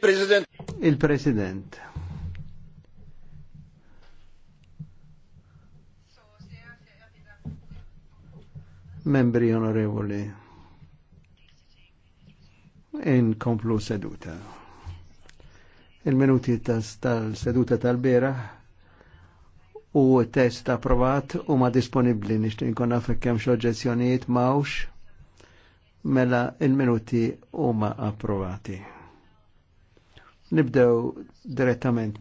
President. Il-President. Membri onorevoli, inkomplu seduta. Il-minuti tal-seduta tal-bera u test approvat u ma disponibli nishtin konna fekkem xoġezzjoniet mawx mela il-minuti u ma approvati. Nibdew direttament.